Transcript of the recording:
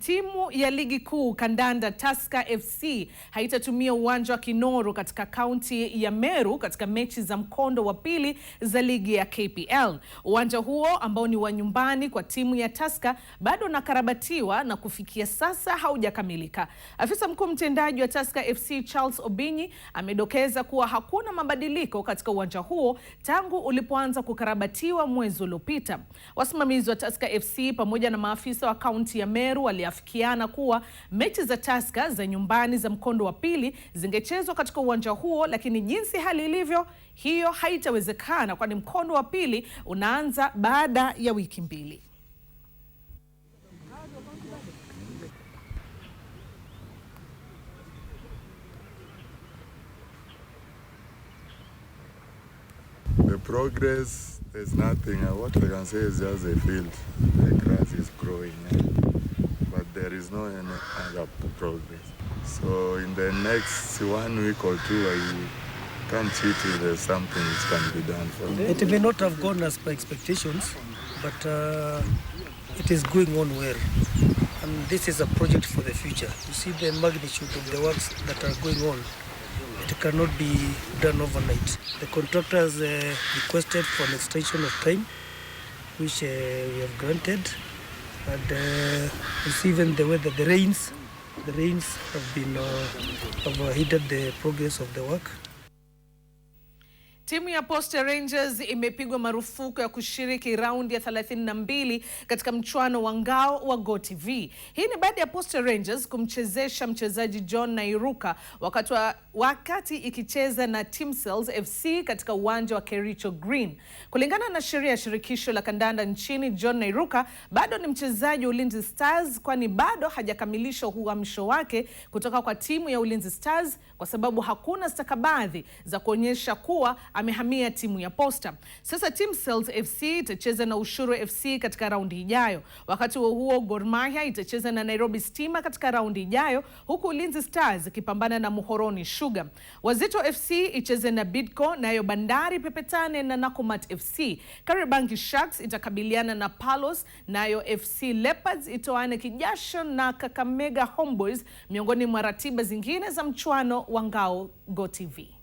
Timu ya ligi kuu kandanda Tusker FC haitatumia uwanja wa Kinoro katika kaunti ya Meru katika mechi za mkondo wa pili za ligi ya KPL. Uwanja huo ambao ni wa nyumbani kwa timu ya Tusker bado unakarabatiwa na kufikia sasa haujakamilika. Afisa mkuu mtendaji wa Tusker FC Charles Obinyi amedokeza kuwa hakuna mabadiliko katika uwanja huo tangu ulipoanza kukarabatiwa mwezi uliopita. Wasimamizi wa Tusker FC pamoja na maafisa wa kaunti ya Meru wali wameafikiana kuwa mechi za Tusker za nyumbani za mkondo wa pili zingechezwa katika uwanja huo, lakini jinsi hali ilivyo, hiyo haitawezekana kwani mkondo wa pili unaanza baada ya wiki mbili. The progress, there's nothing. Uh, what I can say is just the field. The grass is growing. there is no any other progress. So in the next one week or two, I can't see that if there's something which can be done for me. It may not have gone as per expectations, but uh, it is going on well. And this is a project for the future. You see the magnitude of the works that are going on. It cannot be done overnight. The contractors uh, requested for an extension of time, which uh, we have granted but uh, it's even the weather, the rains, the rains have been overheated uh, uh, the progress of the work. Timu ya Posta Rangers imepigwa marufuku ya kushiriki raundi ya 32 katika mchuano wa ngao wa GOtv. Hii ni baada ya Posta Rangers kumchezesha mchezaji John Nairuka wakati, wa, wakati ikicheza na Timsels FC katika uwanja wa Kericho Green. Kulingana na sheria ya shirikisho la kandanda nchini, John Nairuka bado ni mchezaji wa Ulinzi Stars kwani bado hajakamilisha uhamisho wake kutoka kwa timu ya Ulinzi Stars kwa sababu hakuna stakabadhi za kuonyesha kuwa amehamia timu ya Posta. Sasa Team Cells FC itacheza na Ushuru FC katika raundi ijayo. Wakati huo huo, Gor Mahia itacheza na Nairobi Stima katika raundi ijayo, huku Ulinzi Stars ikipambana na Muhoroni Sugar. Wazito FC icheze na Bidco, nayo Bandari pepetane na Nakumat FC. Kariobangi Sharks itakabiliana na Palos, nayo FC Leopards itoane kijasho na Kakamega Homeboys, miongoni mwa ratiba zingine za mchuano wa Ngao Go TV.